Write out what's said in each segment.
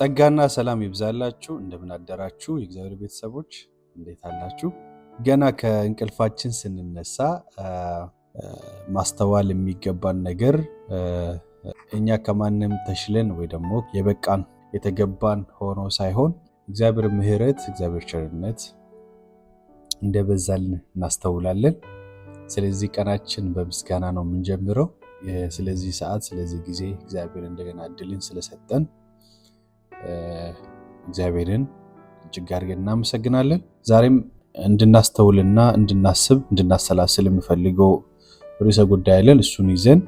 ጸጋና ሰላም ይብዛላችሁ። እንደምን አደራችሁ የእግዚአብሔር ቤተሰቦች፣ እንዴት አላችሁ? ገና ከእንቅልፋችን ስንነሳ ማስተዋል የሚገባን ነገር እኛ ከማንም ተሽለን ወይ ደግሞ የበቃን የተገባን ሆኖ ሳይሆን እግዚአብሔር ምሕረት እግዚአብሔር ቸርነት እንደበዛልን እናስተውላለን። ስለዚህ ቀናችን በምስጋና ነው የምንጀምረው። ስለዚህ ሰዓት፣ ስለዚህ ጊዜ እግዚአብሔር እንደገና እድልን ስለሰጠን እግዚአብሔርን እጅግ አድርገን እናመሰግናለን። ዛሬም እንድናስተውልና እንድናስብ እንድናሰላስል የምፈልገው ርዕሰ ጉዳይ አለን። እሱን ይዘን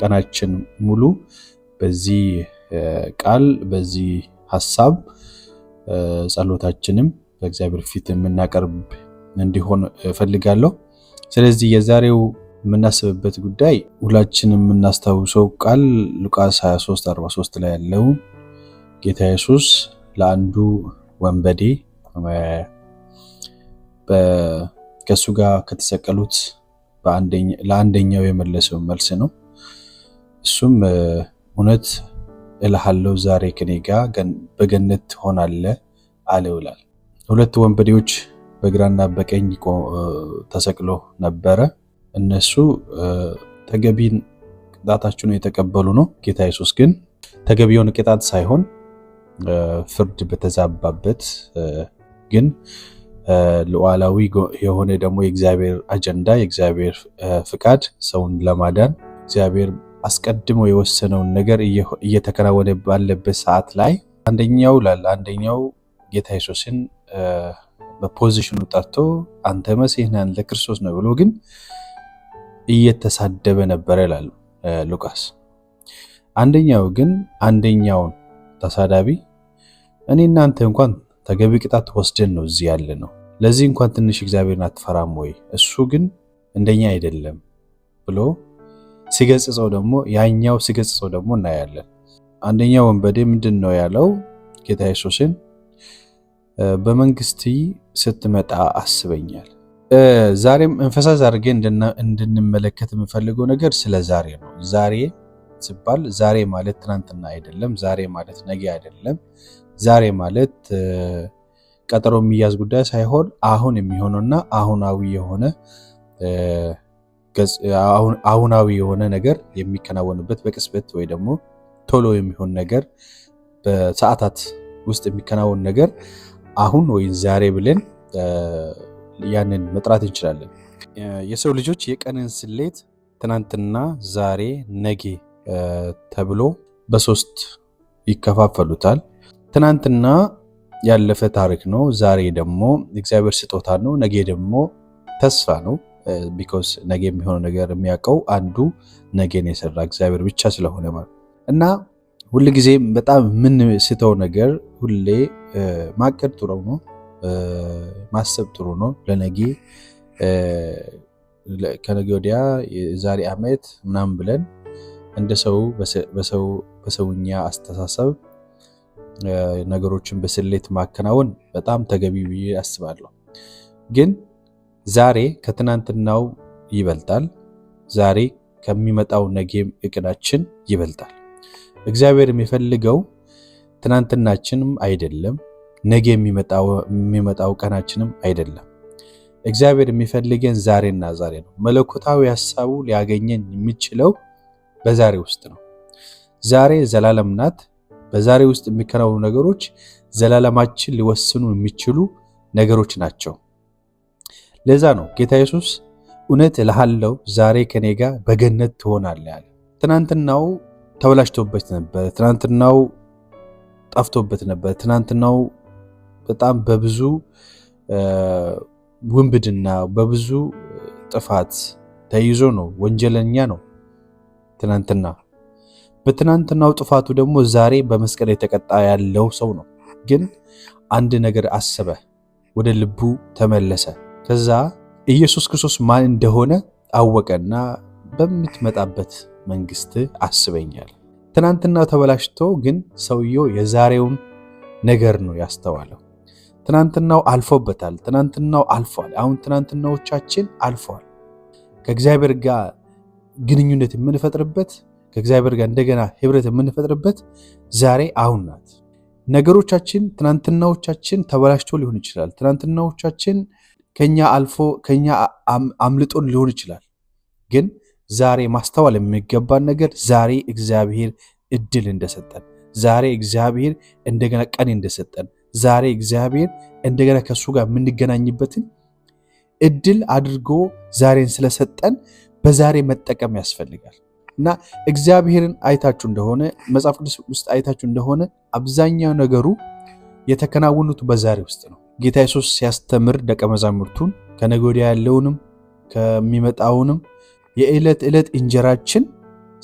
ቀናችን ሙሉ በዚህ ቃል በዚህ ሀሳብ ጸሎታችንም በእግዚአብሔር ፊት የምናቀርብ እንዲሆን እፈልጋለሁ። ስለዚህ የዛሬው የምናስብበት ጉዳይ ሁላችን የምናስታውሰው ቃል ሉቃስ 23 43 ላይ ያለው ጌታ ኢየሱስ ለአንዱ ወንበዴ ከእሱ ጋር ከተሰቀሉት ለአንደኛው የመለሰው መልስ ነው። እሱም እውነት እልሃለሁ ዛሬ ከኔ ጋር በገነት ትሆናለህ አለ ይላል። ሁለት ወንበዴዎች በግራና በቀኝ ተሰቅሎ ነበረ። እነሱ ተገቢን ቅጣታቸውን የተቀበሉ ነው። ጌታ ኢየሱስ ግን ተገቢውን ቅጣት ሳይሆን ፍርድ በተዛባበት ግን ሉዓላዊ የሆነ ደግሞ የእግዚአብሔር አጀንዳ የእግዚአብሔር ፍቃድ ሰውን ለማዳን እግዚአብሔር አስቀድሞ የወሰነውን ነገር እየተከናወነ ባለበት ሰዓት ላይ አንደኛው ላል አንደኛው ጌታ ኢየሱስን በፖዚሽኑ ጠርቶ አንተ መሲህ ነህ ክርስቶስ ነው ብሎ ግን እየተሳደበ ነበረ ይላሉ ሉቃስ። አንደኛው ግን አንደኛውን ተሳዳቢ፣ እኔ እናንተ እንኳን ተገቢ ቅጣት ወስደን ነው እዚህ ያለ ነው። ለዚህ እንኳን ትንሽ እግዚአብሔርን አትፈራም ወይ? እሱ ግን እንደኛ አይደለም ብሎ ሲገጽጸው ደግሞ ያኛው ሲገጽጸው ደግሞ እናያለን። አንደኛው ወንበዴ ምንድን ነው ያለው? ጌታ ኢየሱስን በመንግስት ስትመጣ አስበኛል። ዛሬም እንፈሳዝ አድርጌ እንድንመለከት የምፈልገው ነገር ስለ ዛሬ ነው። ዛሬ ሲባል ዛሬ ማለት ትናንትና አይደለም። ዛሬ ማለት ነገ አይደለም። ዛሬ ማለት ቀጠሮ የሚያዝ ጉዳይ ሳይሆን አሁን የሚሆነውና አሁናዊ የሆነ አሁናዊ የሆነ ነገር የሚከናወንበት በቅጽበት ወይ ደግሞ ቶሎ የሚሆን ነገር በሰዓታት ውስጥ የሚከናወን ነገር አሁን ወይም ዛሬ ብለን ያንን መጥራት እንችላለን። የሰው ልጆች የቀንን ስሌት ትናንትና፣ ዛሬ፣ ነጌ። ተብሎ በሶስት ይከፋፈሉታል። ትናንትና ያለፈ ታሪክ ነው። ዛሬ ደግሞ እግዚአብሔር ስጦታ ነው። ነገ ደግሞ ተስፋ ነው። ቢኮዝ ነገ የሚሆነው ነገር የሚያውቀው አንዱ ነገን የሰራ እግዚአብሔር ብቻ ስለሆነ ማለት እና ጊዜ በጣም የምንስተው ነገር ሁሌ ማቀድ ጥሩ ነው፣ ማሰብ ጥሩ ነው። ለነጌ ከነገ ወዲያ የዛሬ ዓመት ምናምን ብለን እንደ ሰው በሰውኛ አስተሳሰብ ነገሮችን በስሌት ማከናወን በጣም ተገቢ ብዬ አስባለሁ። ግን ዛሬ ከትናንትናው ይበልጣል። ዛሬ ከሚመጣው ነጌም እቅዳችን ይበልጣል። እግዚአብሔር የሚፈልገው ትናንትናችንም አይደለም፣ ነገ የሚመጣው ቀናችንም አይደለም። እግዚአብሔር የሚፈልገን ዛሬና ዛሬ ነው። መለኮታዊ ሀሳቡ ሊያገኘን የሚችለው በዛሬ ውስጥ ነው። ዛሬ ዘላለም ናት። በዛሬ ውስጥ የሚከናወኑ ነገሮች ዘላለማችን ሊወስኑ የሚችሉ ነገሮች ናቸው። ለዛ ነው ጌታ ኢየሱስ እውነት እልሃለሁ ዛሬ ከኔ ጋር በገነት ትሆናለህ አለ። ትናንትናው ተበላሽቶበት ነበር። ትናንትናው ጠፍቶበት ነበር። ትናንትናው በጣም በብዙ ውንብድና፣ በብዙ ጥፋት ተይዞ ነው። ወንጀለኛ ነው። ትናንትና በትናንትናው ጥፋቱ ደግሞ ዛሬ በመስቀል የተቀጣ ያለው ሰው ነው። ግን አንድ ነገር አሰበ፣ ወደ ልቡ ተመለሰ። ከዛ ኢየሱስ ክርስቶስ ማን እንደሆነ አወቀና በምትመጣበት መንግስት አስበኛል። ትናንትናው ተበላሽቶ ግን ሰውየው የዛሬውን ነገር ነው ያስተዋለው። ትናንትናው አልፎበታል። ትናንትናው አልፏል። አሁን ትናንትናዎቻችን አልፏል። ከእግዚአብሔር ጋር ግንኙነት የምንፈጥርበት ከእግዚአብሔር ጋር እንደገና ህብረት የምንፈጥርበት ዛሬ አሁን ናት። ነገሮቻችን ትናንትናዎቻችን ተበላሽቶ ሊሆን ይችላል። ትናንትናዎቻችን ከኛ አልፎ ከኛ አምልጦን ሊሆን ይችላል። ግን ዛሬ ማስተዋል የሚገባን ነገር ዛሬ እግዚአብሔር እድል እንደሰጠን፣ ዛሬ እግዚአብሔር እንደገና ቀን እንደሰጠን፣ ዛሬ እግዚአብሔር እንደገና ከእሱ ጋር የምንገናኝበትን እድል አድርጎ ዛሬን ስለሰጠን በዛሬ መጠቀም ያስፈልጋል እና እግዚአብሔርን አይታችሁ እንደሆነ መጽሐፍ ቅዱስ ውስጥ አይታችሁ እንደሆነ አብዛኛው ነገሩ የተከናወኑት በዛሬ ውስጥ ነው። ጌታ ኢየሱስ ሲያስተምር ደቀ መዛሙርቱን ከነገ ወዲያ ያለውንም ከሚመጣውንም የዕለት ዕለት እንጀራችን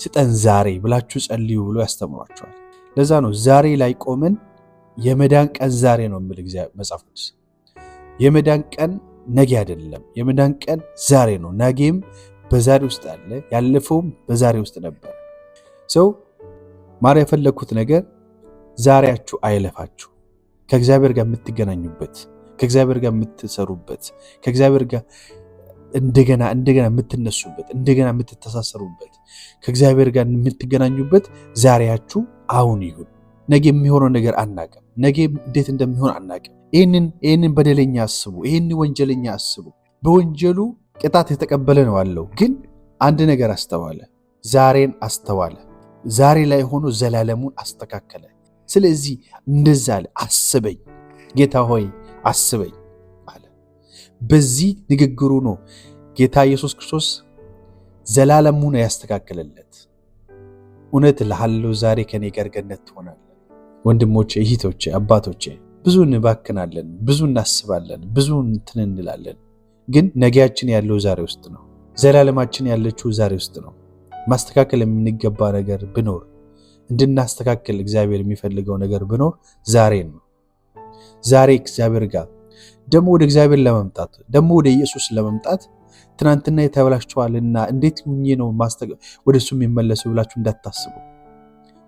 ስጠን ዛሬ ብላችሁ ጸልዩ ብሎ ያስተምሯቸዋል። ለዛ ነው ዛሬ ላይ ቆመን የመዳን ቀን ዛሬ ነው የሚል መጽሐፍ ቅዱስ። የመዳን ቀን ነገ አይደለም፣ የመዳን ቀን ዛሬ ነው። ነገም በዛሬ ውስጥ አለ፣ ያለፈውም በዛሬ ውስጥ ነበር። ሰው ማር የፈለግኩት ነገር ዛሬያችሁ አይለፋችሁ፣ ከእግዚአብሔር ጋር የምትገናኙበት፣ ከእግዚአብሔር ጋር የምትሰሩበት፣ ከእግዚአብሔር ጋር እንደገና እንደገና የምትነሱበት፣ እንደገና የምትተሳሰሩበት፣ ከእግዚአብሔር ጋር የምትገናኙበት ዛሬያችሁ አሁን ይሁን። ነገ የሚሆነው ነገር አናቅም። ነገ እንዴት እንደሚሆን አናቅም። ይህንን ይህንን በደለኛ አስቡ። ይህን ወንጀለኛ አስቡ። በወንጀሉ ቅጣት የተቀበለ ነው አለው። ግን አንድ ነገር አስተዋለ፣ ዛሬን አስተዋለ፣ ዛሬ ላይ ሆኖ ዘላለሙን አስተካከለ። ስለዚህ እንደዛ አለ፣ አስበኝ ጌታ ሆይ አስበኝ አለ። በዚህ ንግግሩ ነው ጌታ ኢየሱስ ክርስቶስ ዘላለሙን ያስተካከለለት። እውነት እልሃለሁ ዛሬ ከኔ ጋር ገነት ትሆናለህ። ወንድሞቼ፣ እህቶቼ፣ አባቶቼ ብዙ እንባክናለን፣ ብዙ እናስባለን፣ ብዙ እንትን እንላለን። ግን ነገያችን ያለው ዛሬ ውስጥ ነው። ዘላለማችን ያለችው ዛሬ ውስጥ ነው። ማስተካከል የምንገባ ነገር ብኖር እንድናስተካከል እግዚአብሔር የሚፈልገው ነገር ብኖር ዛሬ ነው። ዛሬ እግዚአብሔር ጋር ደግሞ ወደ እግዚአብሔር ለመምጣት ደግሞ ወደ ኢየሱስ ለመምጣት ትናንትና የተበላሽተዋልና እንዴት ሁኜ ነው ወደ እሱ የሚመለሱ ብላችሁ እንዳታስቡ።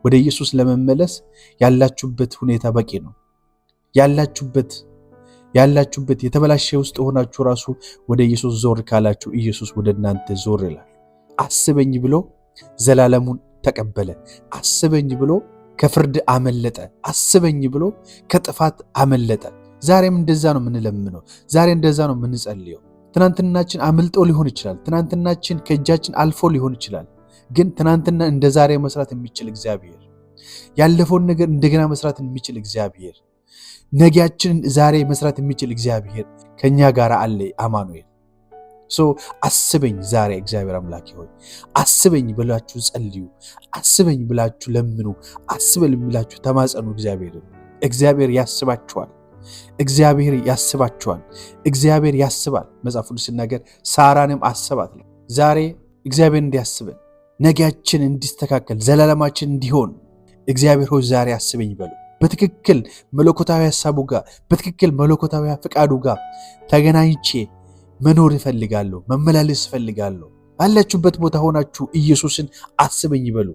ወደ ኢየሱስ ለመመለስ ያላችሁበት ሁኔታ በቂ ነው። ያላችሁበት ያላችሁበት የተበላሸ ውስጥ ሆናችሁ ራሱ ወደ ኢየሱስ ዞር ካላችሁ ኢየሱስ ወደ እናንተ ዞር ይላል። አስበኝ ብሎ ዘላለሙን ተቀበለ። አስበኝ ብሎ ከፍርድ አመለጠ። አስበኝ ብሎ ከጥፋት አመለጠ። ዛሬም እንደዛ ነው የምንለምነው። ዛሬ እንደዛ ነው የምንጸልየው። ትናንትናችን አምልጦ ሊሆን ይችላል። ትናንትናችን ከእጃችን አልፎ ሊሆን ይችላል። ግን ትናንትና እንደ ዛሬ መስራት የሚችል እግዚአብሔር፣ ያለፈውን ነገር እንደገና መስራት የሚችል እግዚአብሔር ነጊያችንን ዛሬ መስራት የሚችል እግዚአብሔር ከእኛ ጋር አለ። አማኑኤል ሶ አስበኝ ዛሬ እግዚአብሔር አምላክ ሆይ አስበኝ ብላችሁ ጸልዩ፣ አስበኝ ብላችሁ ለምኑ፣ አስበኝ ብላችሁ ተማጸኑ። እግዚአብሔር እግዚአብሔር ያስባችኋል። እግዚአብሔር ያስባችኋል። እግዚአብሔር ያስባል። መጽሐፍ ቅዱስ ሲናገር ሳራንም አስባት ነው። ዛሬ እግዚአብሔር እንዲያስበን፣ ነጊያችን እንዲስተካከል፣ ዘላለማችን እንዲሆን እግዚአብሔር ሆይ ዛሬ አስበኝ በሉ። በትክክል መለኮታዊ ሀሳቡ ጋር በትክክል መለኮታዊ ፍቃዱ ጋር ተገናኝቼ መኖር እፈልጋለሁ፣ መመላለስ እፈልጋለሁ። ባላችሁበት ቦታ ሆናችሁ ኢየሱስን አስበኝ በሉ።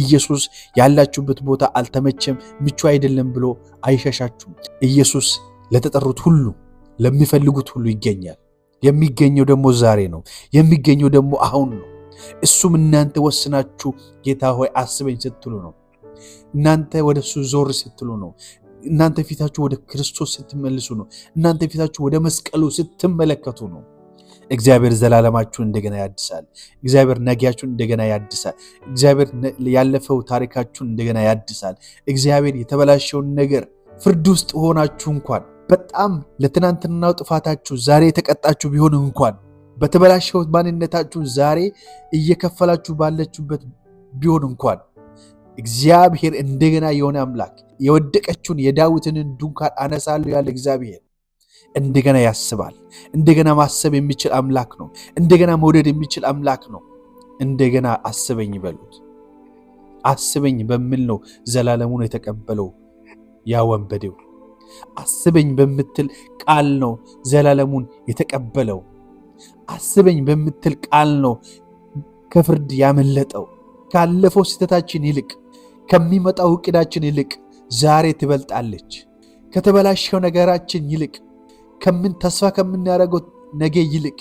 ኢየሱስ ያላችሁበት ቦታ አልተመቸም፣ ምቹ አይደለም ብሎ አይሸሻችሁም። ኢየሱስ ለተጠሩት ሁሉ ለሚፈልጉት ሁሉ ይገኛል። የሚገኘው ደግሞ ዛሬ ነው። የሚገኘው ደግሞ አሁን ነው። እሱም እናንተ ወስናችሁ ጌታ ሆይ አስበኝ ስትሉ ነው። እናንተ ወደ እሱ ዞር ስትሉ ነው። እናንተ ፊታችሁ ወደ ክርስቶስ ስትመልሱ ነው። እናንተ ፊታችሁ ወደ መስቀሉ ስትመለከቱ ነው። እግዚአብሔር ዘላለማችሁን እንደገና ያድሳል። እግዚአብሔር ነጊያችሁን እንደገና ያድሳል። እግዚአብሔር ያለፈው ታሪካችሁን እንደገና ያድሳል። እግዚአብሔር የተበላሸውን ነገር ፍርድ ውስጥ ሆናችሁ እንኳን በጣም ለትናንትናው ጥፋታችሁ ዛሬ የተቀጣችሁ ቢሆን እንኳን በተበላሸው ማንነታችሁ ዛሬ እየከፈላችሁ ባለችሁበት ቢሆን እንኳን እግዚአብሔር እንደገና የሆነ አምላክ የወደቀችውን የዳዊትንን ድንኳን አነሳለሁ ያለ እግዚአብሔር እንደገና ያስባል። እንደገና ማሰብ የሚችል አምላክ ነው። እንደገና መውደድ የሚችል አምላክ ነው። እንደገና አስበኝ በሉት። አስበኝ በሚል ነው ዘላለሙን የተቀበለው ያ ወንበዴው። አስበኝ በምትል ቃል ነው ዘላለሙን የተቀበለው። አስበኝ በምትል ቃል ነው ከፍርድ ያመለጠው ካለፈው ስህተታችን ይልቅ ከሚመጣው እቅዳችን ይልቅ ዛሬ ትበልጣለች። ከተበላሸው ነገራችን ይልቅ ከምን ተስፋ ከምናደርገው ነገ ይልቅ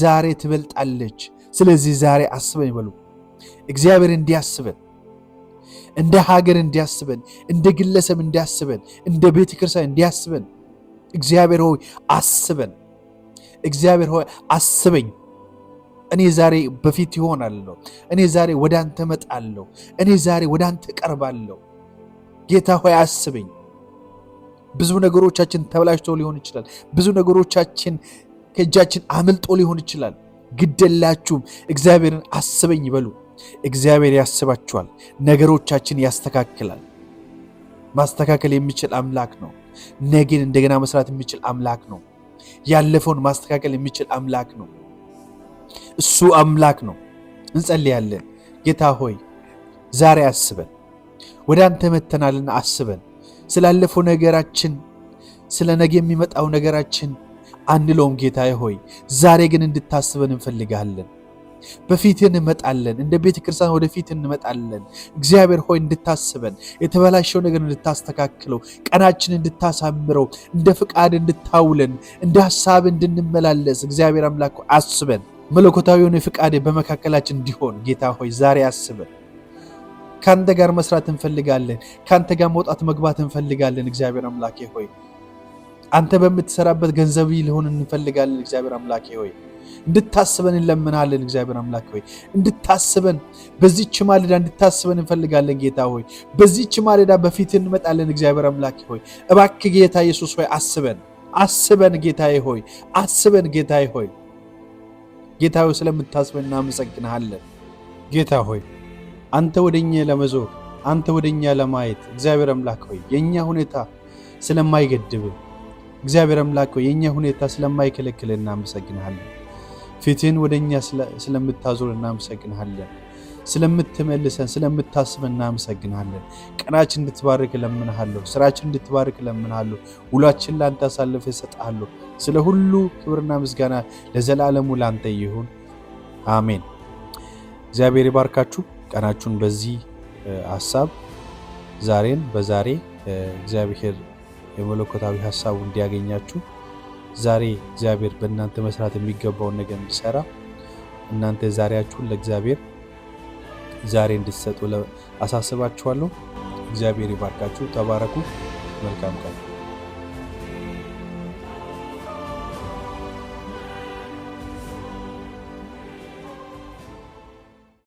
ዛሬ ትበልጣለች። ስለዚህ ዛሬ አስበን ይበሉ። እግዚአብሔር እንዲያስበን፣ እንደ ሀገር እንዲያስበን፣ እንደ ግለሰብ እንዲያስበን፣ እንደ ቤተ ክርስቲያን እንዲያስበን እግዚአብሔር ሆይ አስበን። እግዚአብሔር ሆይ አስበኝ። እኔ ዛሬ በፊት ይሆናለሁ፣ እኔ ዛሬ ወደ አንተ እመጣለሁ፣ እኔ ዛሬ ወደ አንተ እቀርባለሁ። ጌታ ሆይ አስበኝ። ብዙ ነገሮቻችን ተበላሽቶ ሊሆን ይችላል። ብዙ ነገሮቻችን ከእጃችን አምልጦ ሊሆን ይችላል። ግደላችሁም እግዚአብሔርን አስበኝ በሉ እግዚአብሔር ያስባችኋል። ነገሮቻችን ያስተካክላል። ማስተካከል የሚችል አምላክ ነው። ነገን እንደገና መስራት የሚችል አምላክ ነው። ያለፈውን ማስተካከል የሚችል አምላክ ነው። እሱ አምላክ ነው። እንጸልያለን። ጌታ ሆይ ዛሬ አስበን፣ ወደ አንተ መተናልና አስበን። ስላለፈው ነገራችን፣ ስለ ነገ የሚመጣው ነገራችን አንለውም። ጌታ ሆይ ዛሬ ግን እንድታስበን እንፈልጋለን። በፊት እንመጣለን። እንደ ቤተ ክርስቲያን ወደ ፊት እንመጣለን። እግዚአብሔር ሆይ እንድታስበን፣ የተበላሸው ነገር እንድታስተካክለው፣ ቀናችን እንድታሳምረው፣ እንደ ፍቃድ እንድታውለን፣ እንደ ሀሳብ እንድንመላለስ እግዚአብሔር አምላክ አስበን። መለኮታዊ የሆነ ፍቃድ በመካከላችን እንዲሆን ጌታ ሆይ ዛሬ አስበን ከአንተ ጋር መስራት እንፈልጋለን። ከአንተ ጋር መውጣት መግባት እንፈልጋለን። እግዚአብሔር አምላኬ ሆይ አንተ በምትሰራበት ገንዘብ ሊሆን እንፈልጋለን። እግዚአብሔር አምላኬ ሆይ እንድታስበን እንለምናለን። እግዚአብሔር አምላክ ሆይ እንድታስበን በዚህች ማለዳ እንድታስበን እንፈልጋለን። ጌታ ሆይ በዚህች ማለዳ በፊት እንመጣለን። እግዚአብሔር አምላክ ሆይ እባክህ ጌታ ኢየሱስ ሆይ አስበን አስበን ጌታዬ ሆይ አስበን ጌታዬ ሆይ ጌታ ሆይ ስለምታስበን እናመሰግንሃለን። ጌታ ሆይ አንተ ወደኛ ለመዞር አንተ ወደኛ ለማየት እግዚአብሔር አምላክ ሆይ የእኛ ሁኔታ ስለማይገድብ እግዚአብሔር አምላክ ሆይ የእኛ ሁኔታ ስለማይከለክል እናመሰግንሃለን። ፊትህን ወደኛ ስለምታዞር እናመሰግንሃለን። ስለምትመልሰን ስለምታስበን እናመሰግናለን። ቀናችን እንድትባርክ እለምንሃለሁ። ስራችን እንድትባርክ እለምንሃለሁ። ውሏችን ላንተ አሳልፈ እሰጥሃለሁ። ስለ ሁሉ ክብርና ምስጋና ለዘላለሙ ላንተ ይሁን፣ አሜን። እግዚአብሔር ይባርካችሁ። ቀናችሁን በዚህ ሀሳብ ዛሬን በዛሬ እግዚአብሔር የመለኮታዊ ሀሳቡ እንዲያገኛችሁ ዛሬ እግዚአብሔር በእናንተ መስራት የሚገባውን ነገር እንዲሰራ እናንተ ዛሬያችሁን ለእግዚአብሔር ዛሬ እንድትሰጡ አሳስባችኋለሁ። እግዚአብሔር ይባርካችሁ። ተባረኩ። መልካም ቀን